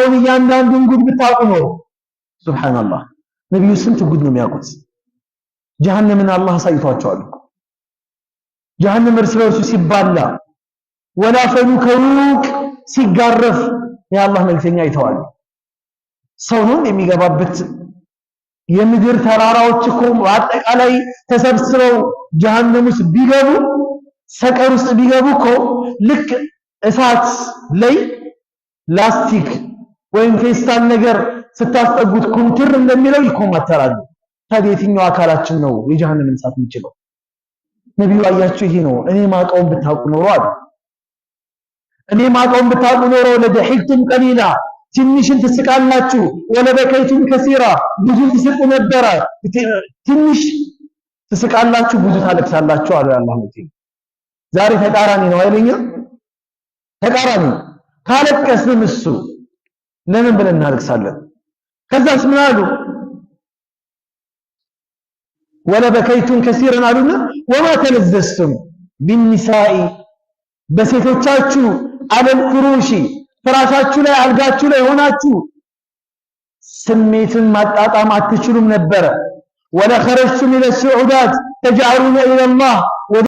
የመጣውን እያንዳንዱን ጉድ ብታውቁ ኖሮ ሱብሃንአላህ ነብዩ ስንት ጉድ ነው የሚያውቁት ጀሃነምን አላህ አሳይቷቸዋል ጀሃነም እርስ በርሱ ሲባላ ወላፈኑ ከሩቅ ሲጋረፍ የአላህ መልክተኛ አይተዋል ሰው ነው የሚገባበት የምድር ተራራዎች እኮ አጠቃላይ ተሰብስበው ጀሃነም ውስጥ ቢገቡ ሰቀር ውስጥ ቢገቡ እኮ ልክ እሳት ላይ ላስቲክ ወይም ፌስታል ነገር ስታስጠጉት ኩምትር እንደሚለው ይኮማተራሉ። ታዲያ የትኛው አካላችን ነው የጀሃነም እሳት የሚችለው? ነቢዩ አያችሁ፣ ይሄ ነው እኔ ማቀውን ብታውቁ ኖሮ አሉ። እኔ ማቀውን ብታውቁ ኖሮ ለደሒክቱም ቀሊላ ትንሽን ትስቃላችሁ፣ ወለበከይቱም ከሲራ ብዙ ትስቁ ነበረ። ትንሽ ትስቃላችሁ፣ ብዙ ታለቅሳላችሁ አሉ። ያላሁ ነው ዛሬ ተቃራኒ ነው አይለኛ፣ ተቃራኒ ካለቀስንም እሱ ለምን ብለን እናለቅሳለን? ከዛስ ምን አሉ? ወለበከይቱን ከሲረን አሉና ወማ ተለዘዝቱም ቢኒሳኢ በሴቶቻችሁ አለል ፍሩሺ ፍራሻችሁ ላይ አልጋችሁ ላይ ሆናችሁ ስሜትን ማጣጣም አትችሉም ነበረ ወለኸረጅቱም ኢለ ሱዑዳት ተጅዐሉነ ኢለላህ